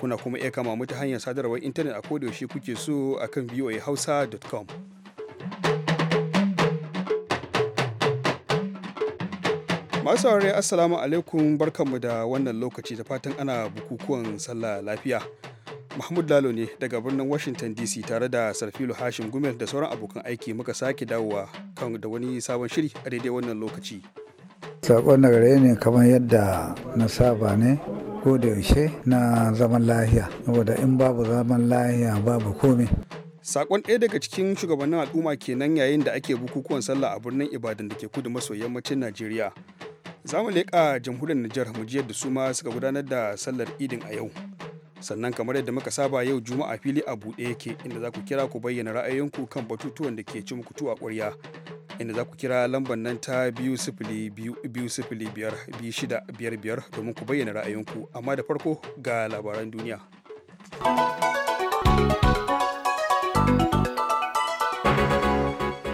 kuna kuma iya kama mu hanyar sadarwar intanet a kodayaushe kuke so a kan voahausa.com masu saurari assalamu alaikum barkanmu da wannan lokaci da fatan ana bukukuwan sallah lafiya Mahmud Lalo ne daga birnin Washington DC tare da Sarfilu Hashim Gumel da sauran abokan aiki muka sake dawowa kan da wani sabon shiri a daidai wannan lokaci. Sakon daga ne kamar yadda na saba ne ko da yaushe na zaman lahiya saboda in babu zaman lahiya babu komai Sakon ɗaya daga cikin shugabannin al'umma kenan yayin da ake bukukuwan sallah a birnin Ibadan da ke kudu maso yammacin Najeriya. Za mu leƙa jamhuriyar Nijar mu ji yadda su ma suka gudanar da sallar idin a yau. Sannan kamar yadda muka saba yau Juma'a fili a buɗe yake inda za ku kira ku bayyana ra'ayoyinku kan batutuwan da ke ci kutu a ƙwarya. inda za ku kira lambar nan ta biyu sifili biyu sifili biyar biyu shida biyar biyar domin ku bayyana ra'ayinku amma da farko ga labaran duniya.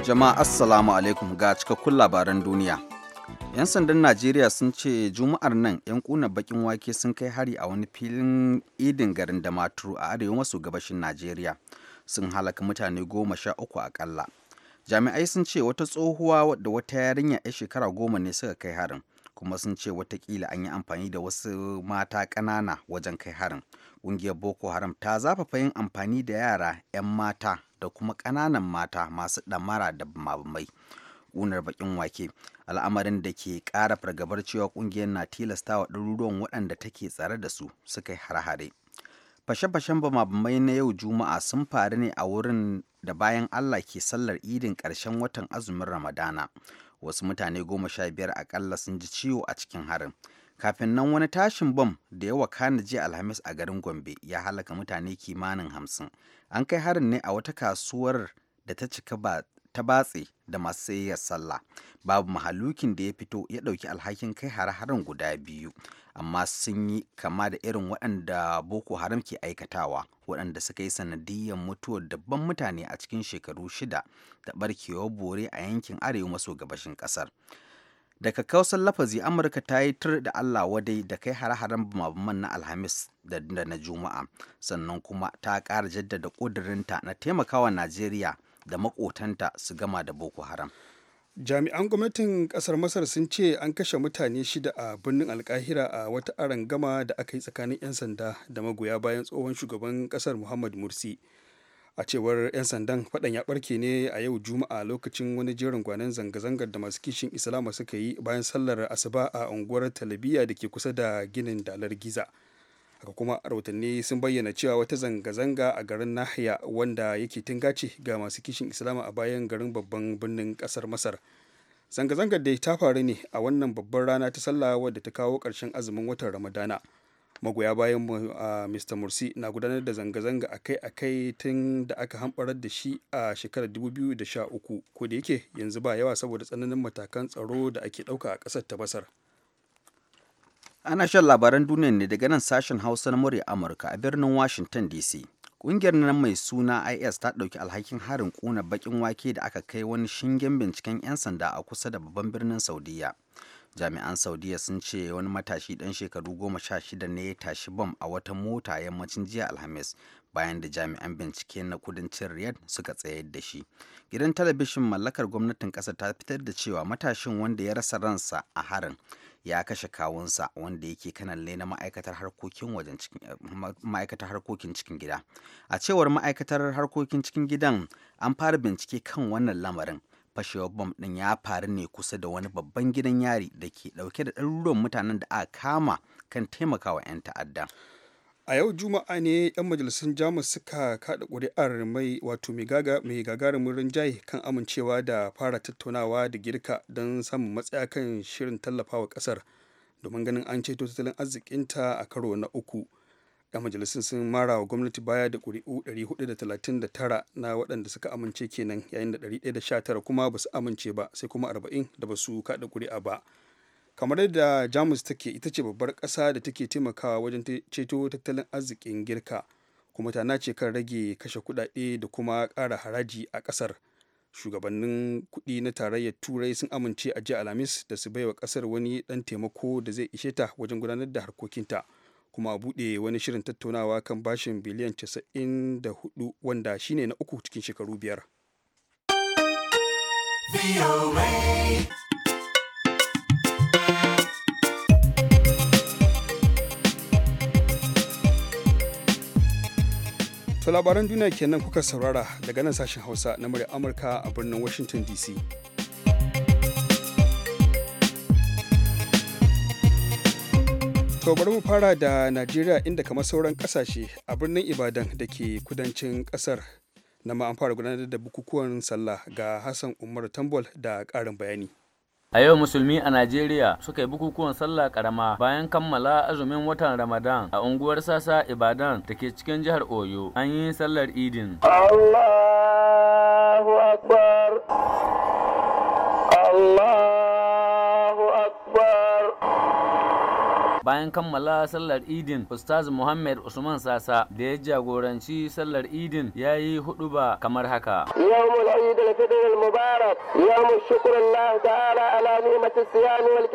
Jama'a Assalamu alaikum ga cikakkun labaran duniya. 'Yan sandan Najeriya sun ce Juma'ar nan 'yan kuna bakin wake sun kai hari a wani filin idin garin Damaturu a arewa maso gabashin Najeriya. Sun halaka mutane goma sha uku akalla. jami'ai sun ce wata tsohuwa da wata yarinya 'yar shekara goma ne suka kai harin kuma sun ce watakila an yi amfani da wasu mata ƙanana wajen kai harin ƙungiyar boko haram ta zafafa yin amfani da yara 'yan mata da kuma ƙananan mata masu ɗamara da mabamai ƙunar bakin wake al'amarin da ke ƙara fargabar cewa ƙungiyar na tilastawa wa ɗaruruwan waɗanda take tsare da su suka yi hare-hare fashe-fashen bamabamai na yau juma'a sun faru ne a wurin da bayan allah ke sallar idin ƙarshen watan azumin ramadana wasu mutane goma sha biyar akalla sun ji ciwo a cikin harin kafin nan wani tashin bom da ya wakana jiya alhamis a garin gombe ya halaka mutane kimanin hamsin an kai harin ne a wata kasuwar da ta cika ba ta batse da masu sayayyar sallah babu mahalukin da ya fito ya ɗauki alhakin kai hare-haren guda biyu amma sun yi kama da irin waɗanda boko haram ke aikatawa waɗanda suka yi sanadiyar mutuwar dabban mutane a cikin shekaru shida da barkewar bore a yankin arewa maso gabashin ƙasar daga kausan lafazi amurka ta yi tur da allah wadai da kai hare-haren bumabuman na alhamis da na juma'a sannan kuma ta ƙara jaddada ƙudurinta na taimakawa najeriya da maƙotanta su gama da boko haram jami'an gwamnatin kasar masar sun ce an kashe mutane shida a birnin alkahira a wata arangama da aka yi tsakanin 'yan sanda da magoya bayan tsohon shugaban kasar muhammad mursi a cewar 'yan sandan fadan ya barke ne a yau juma'a lokacin wani jerin gwanon zanga-zangar da masu kishin islama suka yi bayan sallar asuba a unguwar talabiya da ke kusa da ginin dalar giza haka kuma rahotanni sun bayyana cewa wata zanga-zanga a garin nahiya wanda yake tingace ga masu kishin islama a bayan garin babban birnin kasar masar zanga-zangar da ta faru ne a wannan babban rana ta sallah wadda ta kawo ƙarshen azumin watan ramadana magoya bayan mr mursi na gudanar da zanga-zanga akai-akai tun da aka hamɓarar da shi a shekarar 2013 ko da yake yanzu ba yawa saboda tsananin matakan tsaro da ake ɗauka a ƙasar ta basar. Ana shan labaran duniya ne daga nan sashen Hausa na murya Amurka a birnin Washington DC. Ƙungiyar nan mai suna IS ta ɗauki alhakin harin ƙuna bakin wake da aka kai wani shingen binciken 'yan sanda a kusa da babban birnin Saudiya. Jami'an Saudiya sun ce wani matashi ɗan shekaru goma sha shida ne ya tashi bom a wata mota yammacin jiya Alhamis bayan da jami'an bincike na kudancin Riyadh suka tsayar da shi. Gidan talabishin mallakar gwamnatin ƙasa ta fitar da cewa matashin wanda ya rasa ransa a harin ya kashe kawunsa wanda yake kanalle na ma'aikatar harkokin wajen eh, ma'aikatar harkokin cikin gida a cewar ma'aikatar harkokin cikin gidan an fara bincike kan wannan lamarin fashewar bom ɗin ya faru ne kusa da wani babban gidan yari da ke ɗauke da ɗaruruwan mutanen da aka kama kan taimakawa 'yan ta'adda a yau juma'a ne 'yan majalisun jamus suka kada kuri'ar mai wato mai gagarumin rinjaye kan amincewa da fara tattaunawa da girka don samun matsaya kan shirin tallafawa kasar domin ganin an ceto tattalin arzikinta a karo na uku 'yan majalisun sun mara wa gwamnati baya da kuri'u 439 na waɗanda suka amince kenan yayin da 119 kuma ba su amince ba sai kuma 40 da ba su kada kuri'a ba kamar yadda jamus take ita ce babbar ƙasa da take taimakawa wajen ceto tattalin arzikin girka kuma tana ce kan rage kashe kuɗaɗe da kuma ƙara haraji a ƙasar shugabannin kuɗi na tarayyar turai sun amince a jiya alhamis da su baiwa ƙasar wani ɗan taimako da zai ishe ta wajen gudanar da harkokinta kuma a buɗe wani shirin tattaunawa kan bashin biliyan 94 wanda shine na uku cikin shekaru biyar. To labaran duniya kenan kuka saurara daga nan sashen Hausa na murya Amurka a birnin Washington DC. To bari mu fara da Najeriya inda kamar sauran kasashe a birnin Ibadan da ke kudancin kasar na ma an fara gudanar da bukukuwan sallah ga Hassan Umar Tambol da ƙarin bayani. A yau musulmi a Najeriya suka yi bukukuwan sallah karama bayan kammala azumin watan Ramadan a unguwar Sasa Ibadan da ke cikin jihar Oyo. An yi sallar Idin. Allahu Akbar. bayan kammala sallar idin ustaz muhammad usman sasa da ya jagoranci sallar idin ya yi ba kamar haka yawmul al al-mubarak yawmul ta'ala ala wal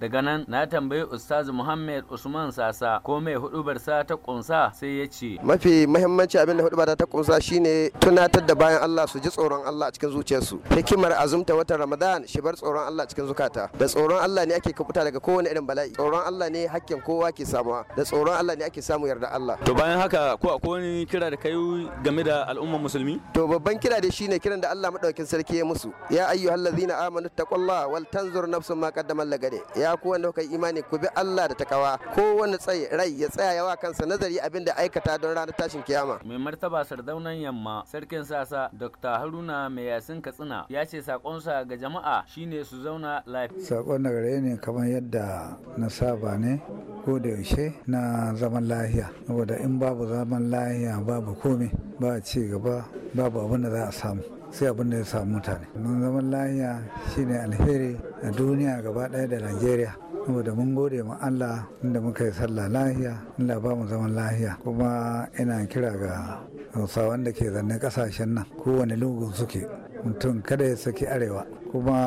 daga nan na tambayi ustaz muhammad usman sasa ko mai hudubar ta kunsa sai ya ce mafi muhimmanci abin da hudubar ta kunsa shine tunatar da bayan Allah su ji tsoron Allah cikin zuciyarsu hikimar azumta watan Ramadan shi bar tsoron Allah cikin zukata da tsoron Allah ne ake kubuta daga kowane irin bala'i tsoron Allah ne hakkin kowa ke samuwa da tsoron Allah ne ake samu yarda Allah to bayan haka ko akwai kira da kai game da al'umman musulmi to babban kira da shine kiran da Allah madaukakin sarki ya musu ya ayyuhallazina amanu taqullaha wal tanzur nafsun ma qaddamat lagade ya ku wanda kai imani ku bi Allah da takawa ko wani tsaye rai ya tsaya yawa kansa nazari abin da aikata don ranar tashin kiyama mai martaba sardaunan yamma sarkin sasa Dr. Haruna mai yasin Katsina ya ce sakonsa ga jama'a shine su zauna lafiya sakon nagare ne kamar yadda na saba ne ko da yaushe na zaman lahiya saboda in babu zaman lahiya babu komai ba ci gaba babu abin da za a samu sai abin da ya samu mutane mun zaman lahiya shine alheri a duniya gaba ɗaya da najeriya saboda mun gode ma Allah inda muka yi sallah lahiya Allah ba mu zaman lahiya kuma ina kira ga hausawan da ke zanne kasashen nan kowane lungun suke mutum kada ya saki arewa kuma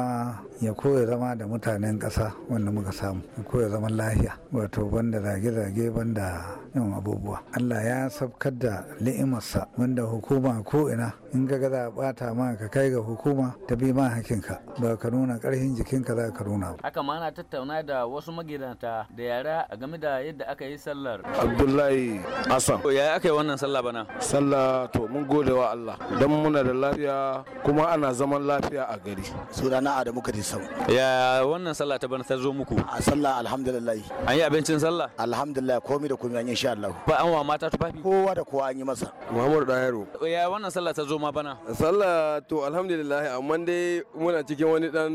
ya koya zama da mutanen ƙasa wanda muka samu ya koya zaman lafiya wato banda zage-zage banda yin abubuwa Allah ya sabkar da li'imarsa wanda hukuma ko ina in ga za a bata ma ka kai ga hukuma ta bi ma hakinka ba ka nuna karfin jikinka za ka nuna haka ma na tattauna da wasu magidanta da yara a game da yadda aka yi sallar abdullahi asan ya aka yi wannan sallah bana sallah to mun gode wa allah don muna da lafiya kuma ana zaman lafiya a gari sunana adamu kadisau ya wannan sallah ta bana ta zo muku a sallah alhamdulillah an yi abincin sallah alhamdulillah komai da komai an yi insha allah ba an wa mata tufafi kowa da kowa an yi masa muhammadu dayaro ya wannan sallah ta zo ma bana sallah to alhamdulillah amma dai muna cikin wani dan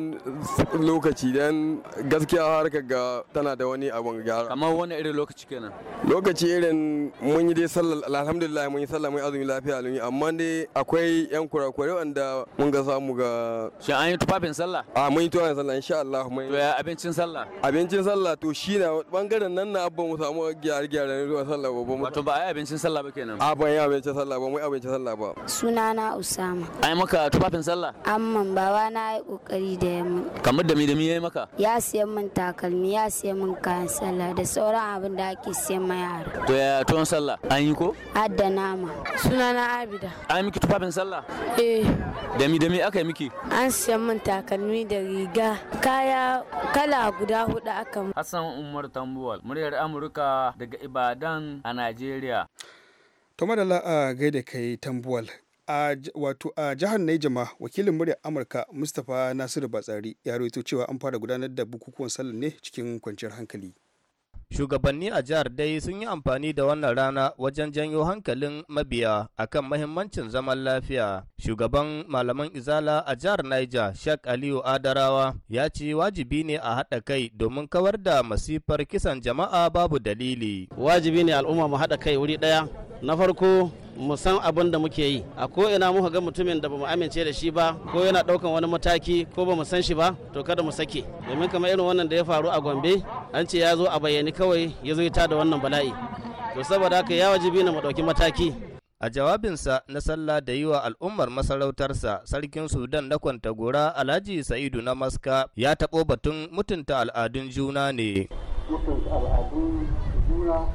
lokaci dan gaskiya harkar ga tana da wani abun gyara kamar wani irin lokaci kenan lokaci irin mun yi dai sallah alhamdulillah mun yi sallah mun azumi lafiya alumi amma dai akwai yan kurakurai wanda mun ga samu ga Shin an yi tufafin sallah a mun yi tufafin sallah insha Allah mun to ya abincin sallah abincin sallah to shi na bangaren nan na abban mu samu gyare gyare zuwa sallah ba wato ba a yi abincin sallah ba kenan a ban yi abincin sallah ba mun yi abincin sallah ba suna sunana Usama. yi maka tufafin sallah? Amman baba na yi kokari da ya mun. Kamar da mi da mi maka? Ya siyan mun takalmi, ya siyan mun kayan sallah da sauran abin da ake siyan ma yara. To ya tuwon sallah? An yi ko? Adda nama. Sunana Abida. yi miki tufafin sallah? Eh. Da mi da mi aka yi miki? An siyan mun takalmi da riga, kaya kala guda hudu aka. Hassan Umar Tambuwal, muryar Amurka daga Ibadan a Najeriya. To madalla a gaida kai tambuwal wato a jihar Niger wakilin muryar Amurka Mustapha Nasiru Batsari ya rawaito cewa an fara gudanar da bukukuwan sallah ne cikin kwanciyar hankali. Shugabanni a jihar dai sun yi amfani da wannan rana wajen janyo hankalin mabiya akan mahimmancin zaman lafiya. Shugaban malaman Izala a jihar Niger, shak Aliyu Adarawa, ya ce wajibi ne a haɗa kai domin kawar da masifar kisan jama'a babu dalili. Wajibi ne al'umma mu haɗa kai wuri ɗaya. Na farko mu san abin da muke yi a ko ina muka ga mutumin da bamu amince da shi ba ko yana daukan wani mataki ko bamu san shi ba to kada mu sake domin kamar irin wannan da ya faru a Gombe an ce ya zo a bayyane kawai ya zo ya da wannan bala'i to saboda haka ya wajibi na mu dauki mataki a jawabinsa na sallah da yi wa al'ummar masarautarsa sarkin sudan na gora alhaji sa'idu na maska ya taɓo batun mutunta al'adun juna ne mutunta al'adun juna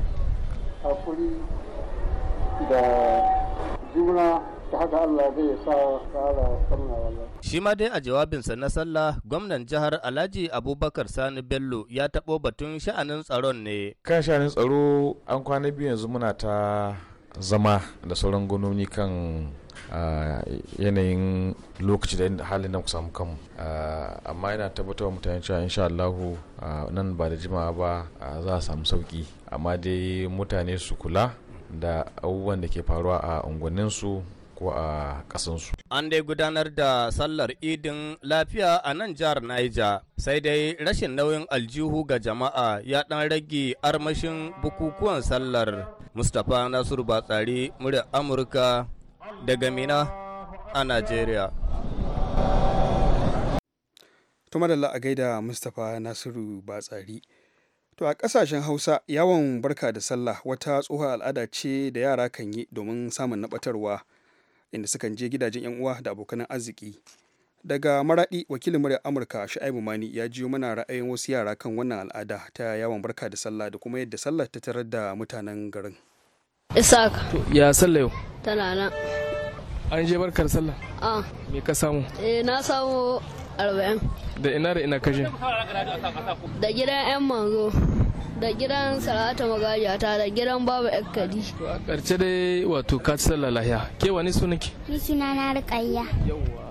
da Shi ma dai a jawabinsa na sallah gwamnan jihar Alhaji Abubakar Sani Bello ya taɓo batun sha'anin tsaron ne. Kan sha'anin tsaro an kwana biyu yanzu muna ta zama da sauran gononi kan yanayin lokaci da halin da samu kanmu amma yana tabbatar wa mutane cewa insha Allahu nan ba da jimawa ba za a samu sauki amma dai mutane su kula da abubuwan da ke faruwa a unguwanninsu ko a ƙasansu. An dai gudanar da sallar idin lafiya a nan jihar Naija, sai dai rashin nauyin aljihu ga jama'a ya ɗan rage armashin bukukuwan sallar. Mustapha Nasiru Batsari, murya Amurka daga Mina a Najeriya. Tuma da a gaida Mustapha Nasiru Batsari. To a ƙasashen Hausa yawon barka da sallah wata tsohon al'ada ce da yara kan yi domin samun nabatarwa inda sukan je gidajen 'yan uwa da abokan arziki. Daga maraɗi wakilin muryar Amurka Shu'aibu Mani ya jiyo mana ra'ayin wasu yara kan wannan al'ada ta yawon barka da sallah da kuma yadda sallah ta tarar da mutanen garin. Isaka. Ya sallah yau? Tana nan. An je barkar sallah? Ah. Me ka samu? Eh na samu arba'in da ina da ina kashe da gidan yan mango da gidan salata magajata da gidan babu ekkadi a ƙarshe dai wato ka ci sallah lahiya ke wani suna ki ni suna na riƙayya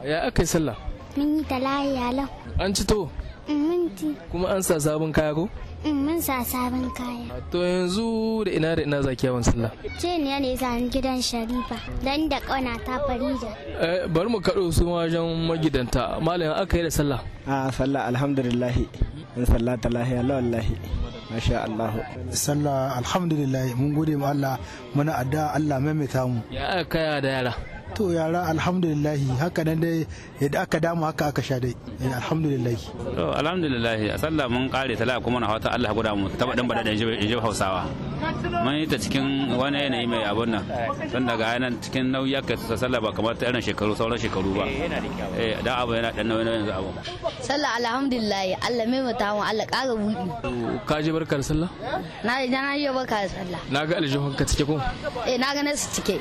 ya aka yi sallah mun yi ta lau an ci to mun ci kuma an sa sabon kaya ko mun sa sabon kaya. To yanzu da ina da ina zaki yawan sallah. Ce ne ne zan gidan Sharifa dan da kauna ta Farida. Eh bari mu kaɗo su wajen magidanta malam aka yi da sallah. Ah sallah alhamdulillah. In sallah ta lahiya la wallahi. Masha Allah. Sallah alhamdulillah mun gode ma Allah muna adda Allah maimaita mu. Ya kaya da yara. to yara alhamdulillahi haka nan dai yadda aka damu haka aka sha dai eh, alhamdulillahi to alhamdulillahi a sallah mun kare tala kuma na fata Allah guda mu ta badan bada da inji Hausawa mun yi ta cikin wani yanayi mai abun nan tun daga yanan cikin nauyi aka ta sallah ba kamar ta irin shekaru sauran shekaru ba eh, eh da abu yana dan nauyi yanzu abu sallah alhamdulillahi Allah mai mata mu Allah ƙara buɗi ka ji barkar sallah na ji na yi barkar sallah na ga aljihun ka cike ko eh na ga na cike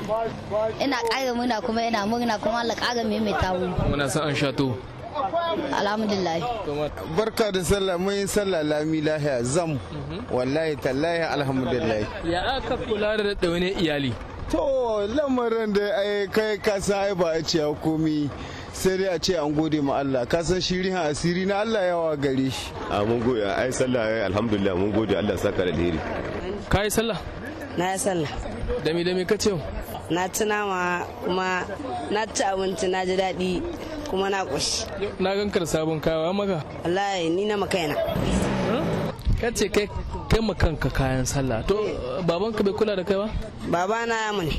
ina ƙara muna kuma yana murna kuma Allah ƙara mai tawo. muna san an shato alhamdulillah barka da sallah mun sallah lami lahiya zam mhm. wallahi tallahi alhamdulillah ya aka kula da daune iyali to lamarin da ai kai ka sai ba a ce komi sai dai a ce an gode ma Allah ka san shiri ha asiri na Allah yawa gare shi a mun gode ai sallah alhamdulillah mun gode Allah saka da alheri kai sallah na ya sallah dami dami ka ce na ci nama kuma na ci abinci na ji daɗi kuma na ƙoshi na gankar sabon kawa maka Allah ni na makaina ka ce kai kai makanka kayan sallah to baban ka bai kula da kai ba na mu ne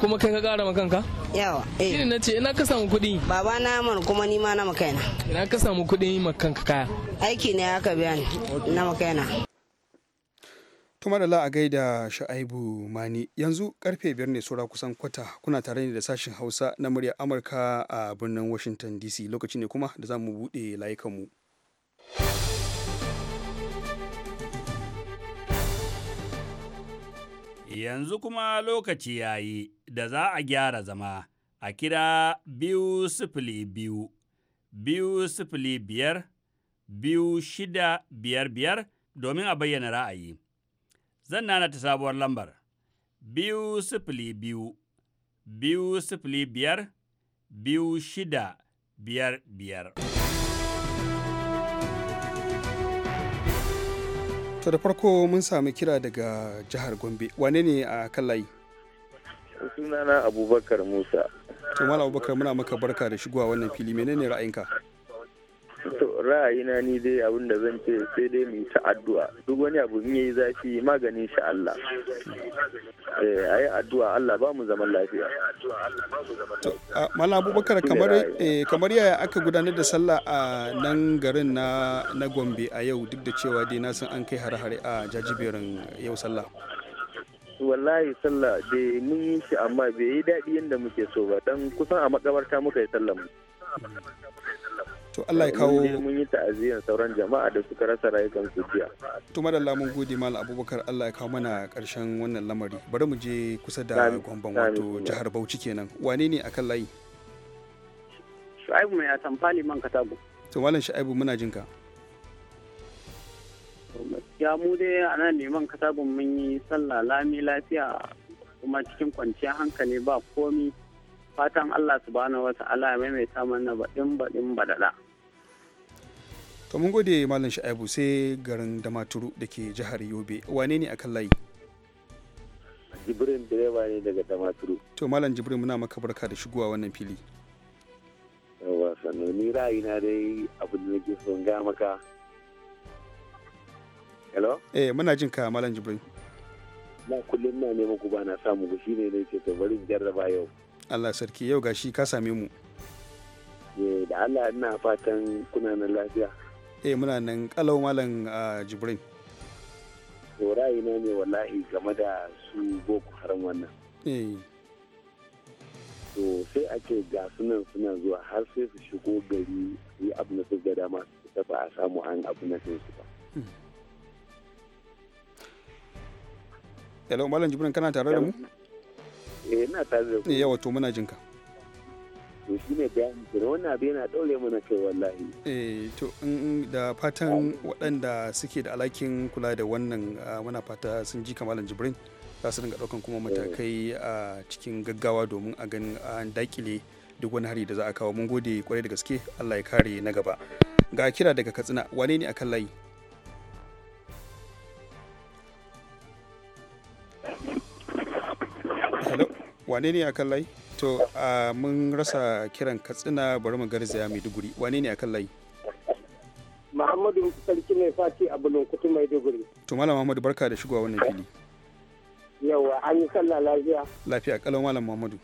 kuma kai ka kara makanka? yawa eh na ce ina ka samu kuɗi baba na man kuma ni ma na makaina ina ka samu kuɗi ma kanka kaya aiki ne haka biya ni na makaina Tuma da a gaida Sha'aibu Mani yanzu karfe biyar ne saura kusan kwata kuna tare da sashen Hausa na murya Amurka a birnin Washington DC lokaci ne kuma da za mu buɗe layukanmu. Yanzu kuma lokaci ya yi da za a gyara zama a kira biyu sifili biyu, biyu sifili biyar, biyu shida biyar biyar domin a bayyana ra'ayi. Zan nana ta sabuwar lambar biyu sifili biyu, biyu sifili biyar, biyu shida biyar biyar. To da farko mun sami kira daga jihar Gombe, wane ne a kan layi? Sunana Abubakar Musa. To Abubakar muna maka barka da shigowa wannan fili menene ra'ayinka? ra'ayinka? ra'ayina ni dai abin da zan ce sai dai mu ta addu'a duk wani abu in yayi zafi maganin shi Allah eh ayi addu'a Allah ba mu zaman lafiya Malam Abubakar kamar eh, kamar yaya aka gudanar da sallah a nan garin na na Gombe a yau duk da cewa dai na san an kai har-hare a jajiberin yau sallah wallahi sallah dai mun yi shi amma bai yi daɗi yadda muke so ba dan kusan a makabarta muka yi sallah mu to Allah ya kawo mun yi ta'aziyar sauran jama'a da suka rasa rayukan su jiya to madalla mun gode mal abubakar Allah ya kawo mana karshen wannan lamari bari mu je kusa da gomban wato jihar Bauchi kenan wane ne akan layi Shu'aibu mai atamfali man katago to malam Shu'aibu muna jinka ya mu dai a nan neman katabun mun yi sallah lami lafiya kuma cikin kwanciyar hankali ba komi fatan Allah subhanahu ta'ala ya maimaita mana baɗin baɗin baɗaɗa. to mun gode malam sha'ibu sai garin damaturu da ke jihar yobe wane ne akan layi jibrin direba ne daga damaturu to malam jibrin muna maka barka da shigowa wannan fili yawa sannu ni na dai abu da nake son ga maka hello eh muna jin ka malam jibrin na kullum na neman ku na samu ku shine ne ce to bari jarraba yau Allah sarki yau gashi ka same mu ye eh, da Allah ina fatan kuna na lafiya eh muna nan kalau malam ah, jibrin to na ne wallahi game da su boko haram wannan eh. to sai ake ga sunan suna zuwa har sai su shigo gari yi abu na ga dama su tafi ba a samu an abu na sai su ba Hello, Malam Jibrin kana tare da mu? Eh, ina tare da ku. Eh, yawa to muna jinka. to shi ne bayani ke wannan abu yana ɗaure mana kai wallahi eh to da fatan waɗanda suke da alakin kula da wannan muna fata sun ji kamalan jibrin za su dinga ɗaukan kuma matakai eh. a cikin gaggawa domin a ganin an dakile duk wani hari da za a kawo mun gode kwarai da gaske allah ya kare na gaba ga kira daga katsina wane ne akan layi hello wane ne akan layi to mun rasa kiran katsina bari mu garzaya maiduguri wane ne a kan layi muhammadu sarki mai fati a bulunkutu maiduguri to malam muhammadu barka da shigowa wannan fili yawa an yi sallah lafiya lafiya kalau malam muhammadu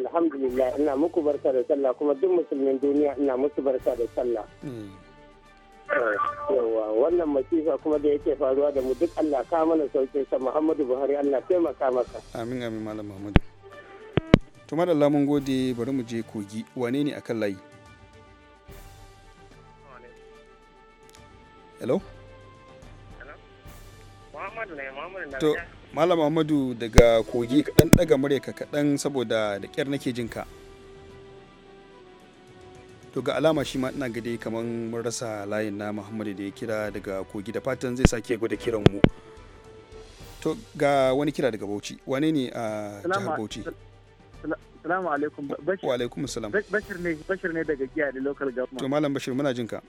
alhamdulillah ina muku barka da sallah kuma duk musulmin duniya ina musu barka da sallah hmm. yawa wannan masifa kuma da yake faruwa da mu duk Allah ka mana sauke sa Muhammadu Buhari Allah taimaka maka amin amin malam Muhammadu to madalla mun gode bari mu je kogi wane ne akan layi hello to malam muhammadu daga kogi kaɗan ɗaga muryarka kaɗan saboda da ƙyar nake jin ka to ga alama shi ma ina gade kamar mun rasa layin na muhammadu da ya kira daga kogi da fatan zai sake gwada kiran mu to ga wani kira daga bauchi wane ne a jihar bauchi Salamu alaikum. Wa alaikum salam. Bashir ne Bashir ne daga giya da local government. To malam Bashir muna jinka.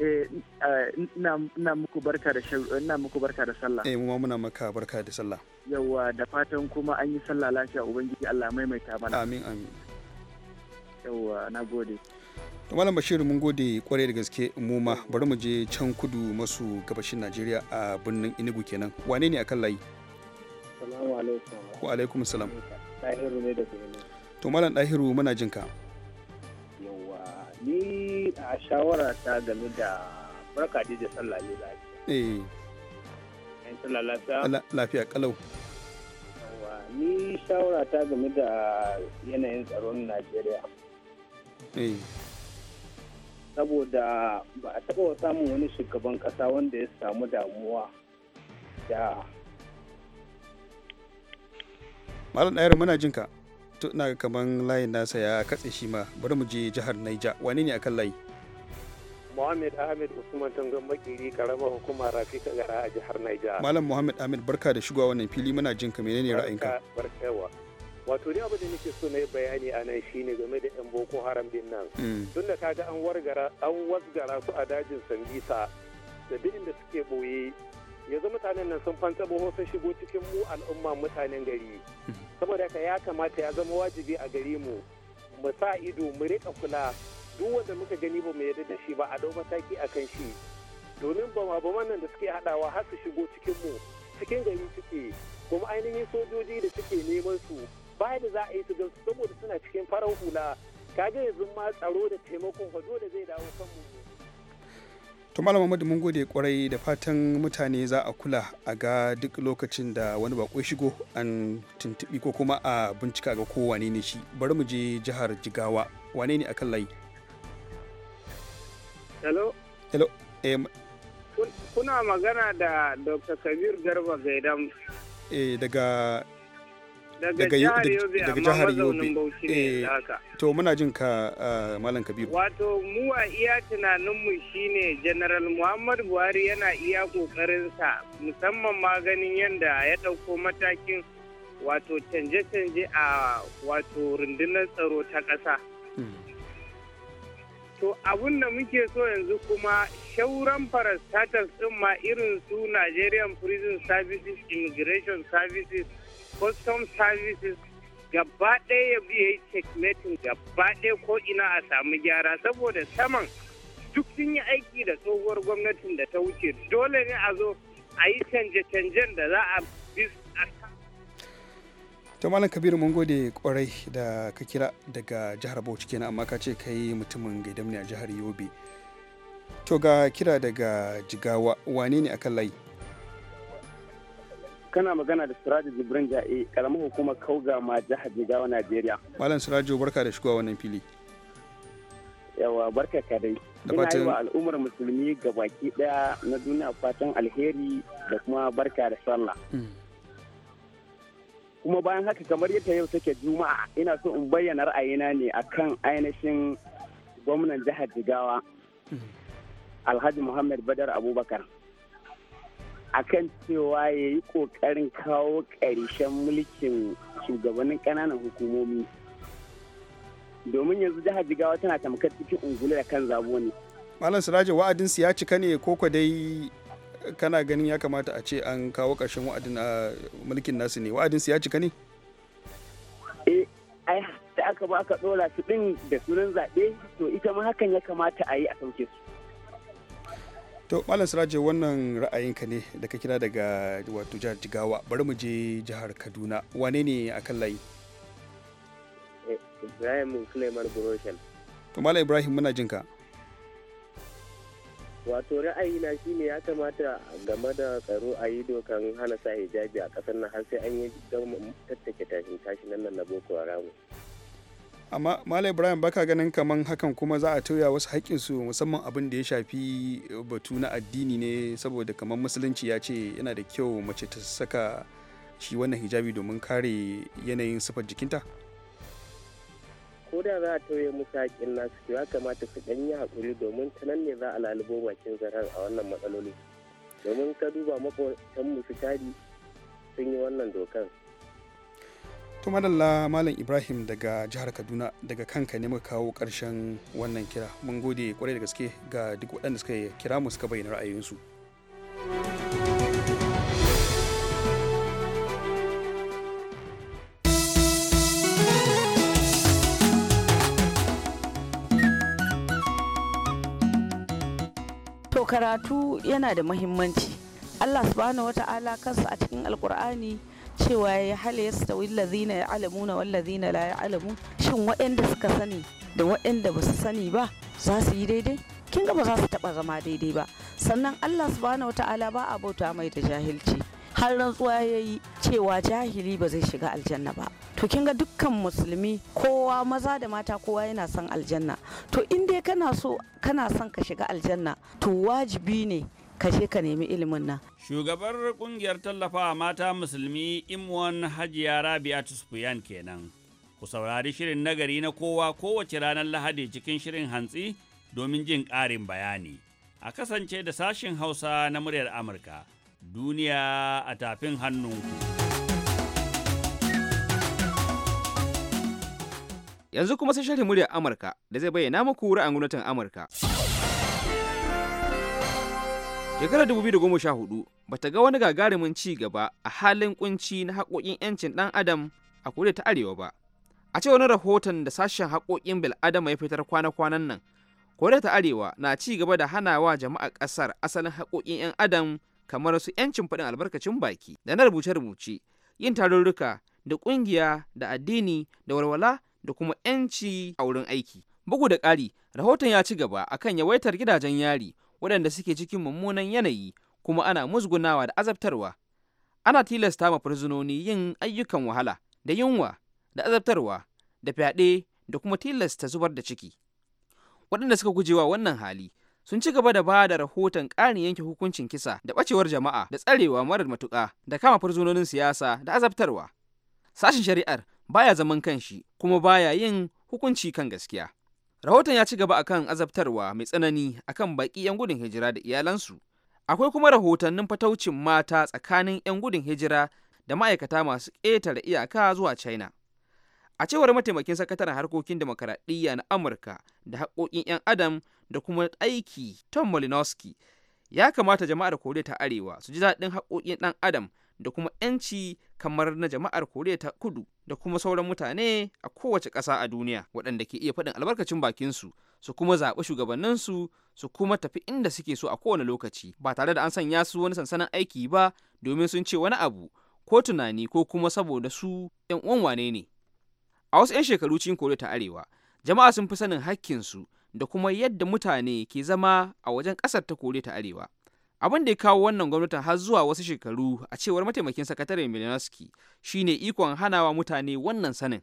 Eh, eh ina muku barka da ina muku barka da sallah. Eh mu muna maka barka da sallah. Yawwa da fatan kuma an yi sallah lafiya ubangiji Allah maimaita mana. Amin amin. Yawwa na gode. malam bashir mun gode kware da gaske mu ma bari mu je can kudu masu gabashin najeriya a birnin inugu kenan wane ne akan layi wa alaikum salam ɗahiru ne da birnin to malam ɗahiru muna jin ka yawa ni a shawara ta game da barka da sallah ne lafiya eh sallah lafiya lafiya kalau yawa ni shawara ta game da yanayin tsaron najeriya eh saboda ba a taɓa samun wani shugaban ƙasa wanda ya samu damuwa da malam ɗaya muna jin ka to ina kaman layin nasa ya katse shi ma bari mu je jihar naija wani ne akan layi Muhammad Ahmed Usman Tangan Makiri karamar hukumar Rafika Gara a jihar Naija. Malam Muhammad Ahmed barka da shigowa wannan fili muna jin ka menene ra'ayin ka. Wato ne abin da nake so na yi bayani a nan shine game da yan Boko Haram din nan. Mm. tunda kaga an wargara an wasgara su a dajin Sambisa da duk inda suke boye yanzu mutanen nan sun fanta sun shigo cikin mu al'umma mutanen gari saboda haka ya kamata ya zama wajibi a gari mu mu sa ido mu rika kula duk wanda muka gani ba mu yarda da shi ba a dau mataki a kan shi domin ba ba nan da suke haɗawa har su shigo cikin mu cikin gari suke kuma ainihin sojoji da suke neman su baya da za a yi su gansu saboda suna cikin farar hula kaga yanzu ma tsaro da taimakon fa da zai dawo kan mu to malam Muhammadu mun gode kwarai da fatan mutane za a kula a ga duk lokacin da wani bako shigo an tuntubi ko kuma a bincika ga ko wane ne shi bari mu je jihar Jigawa wane ne akan layi hello hello eh, kuna magana da Dr. Kabir Garba Gaidam eh daga daga jihar yobe eh, to muna jin ka eh, malam kabiru wato mu a iya tunaninmu shine general muhammad buhari yana iya kokarinsa musamman maganin ganin yadda ya ɗauko matakin wato canje-canje a wato rundunar tsaro ta ƙasa hmm. to abun da muke so yanzu kuma shauran parastatus ɗin ma irin su nigerian prison services immigration services custom services gaba ɗaya ya biya yi checkmating gaba ɗaya ko ina a samu gyara saboda saman duk sun yi aiki da tsohuwar gwamnatin da ta wuce dole ne a zo a yi canje-canjen da za a bi ta malam kabiru mun gode kwarai da ka kira daga jihar bauchi kenan amma ka ce kai mutumin gaidamni a jihar yobe to ga kira daga jigawa wane ne akan layi kana magana da Siraju Jibrin Ja'e karamar hukumar Kauga ma jihar Jigawa Najeriya. Malam Siraju barka da shigowa wannan fili. Yawa barka ka dai. Ina yi wa al'ummar musulmi ga baki daya na duniya fatan alheri da kuma barka da sallah. Hmm. Kuma bayan haka kamar yadda yau take Juma'a ina so in bayyana ra'ayina ne akan ainihin gwamnan jihar Jigawa. Hmm. Alhaji Muhammad Badar Abubakar. akan cewa ya yi ƙoƙarin kawo ƙarshen mulkin shugabannin ƙananan hukumomi domin yanzu jihar jigawa tana tamkar cikin ungulu da kan zabo ne malam siraje wa'adinsu ya cika ne ko dai kana ganin ya kamata a ce an kawo ƙarshen wa'adin a mulkin nasu ne wa'adinsu ya cika ne eh ai da aka ba aka ɗora su ɗin da sunan zaɓe to ita ma hakan ya kamata a yi a sauke su to malam siraje wannan ra'ayinka ne da ka kira daga wato jihar jigawa bari mu je jihar kaduna wane ne a kan layi ibrahim suleiman buroshel to malam ibrahim muna jin ka wato ra'ayina shine ya kamata game da tsaro a yi dokan hana sa hijabi a kasar nan har sai an yi tattake tashin tashin nan na boko haramu amma malai ibrahim baka ganin kaman hakan kuma za a tauya wasu haƙƙinsu musamman abin da ya shafi eh, batu na addini ne saboda kamar musulunci ya ce yana da kyau mace ta saka shi wannan hijabi domin kare yanayin sifar jikinta koda za a tauye musu haƙƙin nasu ya kamata su ɗanyi yi haƙuri domin ta nan ne za a lalubo bakin zarar a wannan matsaloli domin ka duba maƙotanmu musu tari sun yi wannan dokar. to madalla malam ibrahim daga jihar kaduna daga kanka ne muka kawo karshen wannan kira mun gode kwarai da gaske ga duk waɗanda suka kira mu suka bayyana ra'ayoyinsu to karatu yana da muhimmanci allah subhanahu ta'ala kansa a cikin alkur'ani cewa ya ya hal ya allazina ya'lamuna wallazina la alamu. shin waɗanda suka sani da waɗanda ba su sani ba za su yi daidai kin ga ba za su taɓa zama daidai ba sannan Allah subhanahu wataala ba a bauta mai da jahilci har rantsuwa ya yi cewa jahili ba zai shiga aljanna ba to kin ga dukkan musulmi kowa maza da mata kowa yana son aljanna to in dai kana so kana son ka shiga aljanna to wajibi ne ka ka nemi ilimin nan. Shugabar kungiyar tallafawa mata musulmi Imwan Hajiya Rabia Tusfuyan kenan. Ku saurari shirin nagari na kowa kowace ranar Lahadi cikin shirin hantsi domin jin ƙarin bayani. A kasance da sashin Hausa na muryar Amurka. Duniya a tafin hannunku. Yanzu kuma sai shirin muryar Amurka da zai bayyana muku ra'ayin gwamnatin Amurka. shekarar 2014 bata ga wani gagarumin ci gaba a halin kunci na haƙoƙin 'yancin ɗan adam a kudu ta arewa ba a ce wani rahoton da sashen haƙoƙin bil'adama ya fitar kwana-kwanan nan koriya ta arewa na ci gaba da hanawa jama'a ƙasar asalin haƙoƙin 'yan adam kamar su 'yancin faɗin albarkacin baki da na rubuce-rubuce yin tarurruka da ƙungiya da addini da walwala da kuma 'yanci a wurin aiki bugu da ƙari rahoton ya ci gaba akan yawaitar gidajen yari waɗanda suke cikin mummunan yanayi kuma ana musgunawa da azabtarwa ana tilasta ma fursunoni yin ayyukan wahala da yunwa da azabtarwa da fyaɗe da kuma tilasta zubar da ciki waɗanda suka gujewa wannan hali sun ci gaba da ba da rahoton ƙarin yanke hukuncin kisa da ɓacewar jama'a da tsarewa marar matuƙa da kama fursunonin siyasa da azabtarwa Sashen shari'ar baya zaman kanshi kuma baya yin hukunci kan gaskiya rahoton ya ci gaba akan azabtarwa mai tsanani akan baƙi 'yan gudun hijira da iyalansu akwai kuma rahotannin fataucin mata tsakanin 'yan gudun hijira da ma'aikata masu ƙetare iyaka zuwa china a cewar mataimakin sakataren harkokin demokaradiyya na amurka da haƙoƙin 'yan adam da kuma aiki tom malinowski ya kamata jama'ar koriya ta arewa su ji daɗin haƙoƙin ɗan adam da kuma 'yanci kamar na jama'ar koriya ta kudu da kuma sauran mutane a kowace ƙasa a duniya waɗanda ke iya faɗin albarkacin bakinsu su kuma zaɓi shugabanninsu su kuma tafi inda suke so a kowane lokaci ba tare da an sanya su wani sansanin aiki ba domin sun ce wani abu ko tunani ko kuma saboda su 'yan uwan wane ne a wasu 'yan shekaru cikin koriya ta arewa jama'a sun fi sanin hakkinsu da kuma yadda mutane ke zama a wajen ƙasar ta koriya ta arewa abin da ya kawo wannan gwamnatin har zuwa wasu shekaru a cewar mataimakin sakataren milanowski shine ikon hanawa mutane wannan sanin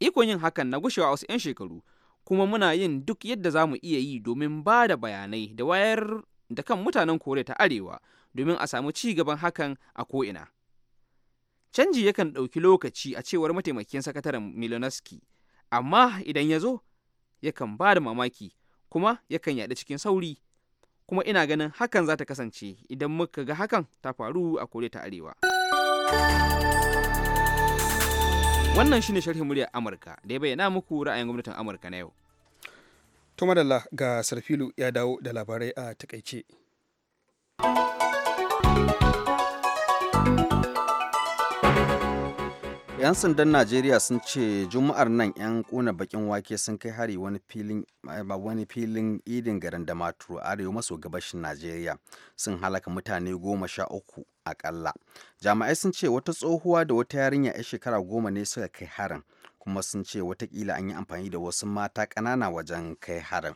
ikon yin hakan na gushewa wasu 'yan shekaru kuma muna yin duk yadda za mu iya yi domin ba da bayanai da wayar da kan mutanen koriya ta arewa domin a samu ci gaban hakan a ko'ina canji yakan ɗauki lokaci a cewar mataimakin sakataren milanowski amma idan ya zo yakan ba da mamaki kuma yakan yaɗa cikin sauri kuma ina ganin hakan za ta kasance idan muka ga hakan ta faru a koriya ta arewa wannan shine sharhin muryar amurka da ya bayyana muku ra'ayin gwamnatin amurka na yau to ga sarfilu ya dawo da labarai a takaice 'yan sandan najeriya sun ce juma'ar nan 'yan kuna bakin wake sun kai hari wani filin eh, wani idin garin da maturu arewa maso gabashin najeriya sun halaka mutane goma sha uku akalla jami'ai sun ce wata tsohuwa da wata yarinya 'ya shekara goma ne suka kai harin kuma sun ce watakila an yi amfani da wasu mata ƙanana wajen kai harin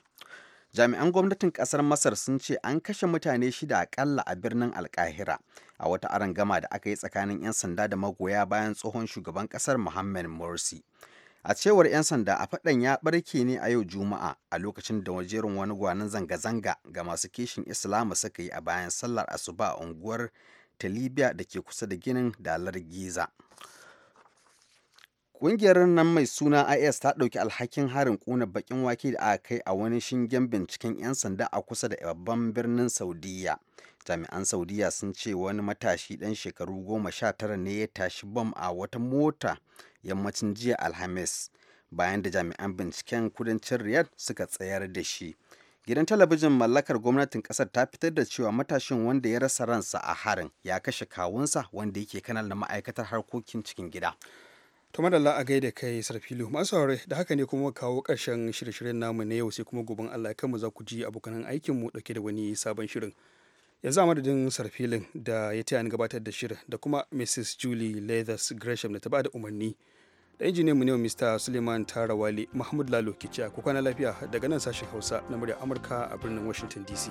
jami'an gwamnatin kasar masar sun ce an kashe mutane shida akalla a birnin alkahira a wata arangama da aka yi tsakanin 'yan sanda da magoya bayan tsohon shugaban kasar Muhammad Morsi. A cewar 'yan sanda a faɗan ya ɓarke ne a yau Juma'a a lokacin da wajerin wani gwanin zanga-zanga ga masu kishin Islama suka yi a bayan sallar asuba a unguwar Talibiya da ke kusa da ginin dalar Giza. Ƙungiyar nan mai suna IS ta ɗauki alhakin harin ƙuna bakin wake da aka kai a wani shingen binciken 'yan sanda a kusa da babban birnin saudiyya Jami'an saudiyya sun ce wani matashi ɗan shekaru goma sha tara ne ya tashi bam a wata mota yammacin jiya Alhamis bayan da jami'an binciken kudancin Riyadh suka tsayar da shi. Gidan talabijin mallakar gwamnatin ƙasar ta fitar da cewa matashin wanda ya rasa ransa a harin ya kashe kawunsa wanda yake kanal na ma'aikatar harkokin cikin gida. To madalla a gaida kai sarfilu masu haure da haka ne kuma kawo ƙarshen shirye-shiryen namu na yau sai kuma gobin Allah mu za ku ji abokan aikin mu dauke da wani sabon shirin. Yanzu a madadin sarfilin da ya taya ni gabatar da shirin da kuma Mrs. Julie Leathers Gresham da ta bada umarni. Da injiniyan mu ne Mr. Suleiman Tarawali Mahmud Lalo Kicha ku kwana lafiya daga nan sashen Hausa na murya Amurka a birnin Washington DC.